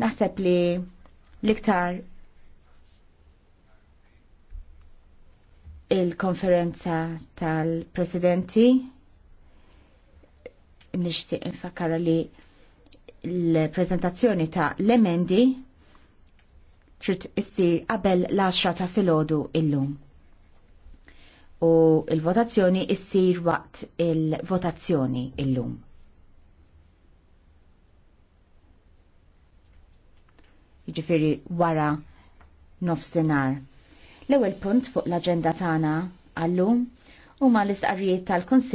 Naħseb li l-iktar il-konferenza tal-presidenti nixtieq infakara li l-prezentazzjoni ta' l-emendi trid issir qabel l-10 ta' filgħodu illum. U l-votazzjoni issir waqt il-votazzjoni illum. jiġifieri wara nofsinhar. L-ewwel punt fuq l-aġenda tagħna għallum huma l-istqarrijiet tal-Kunsill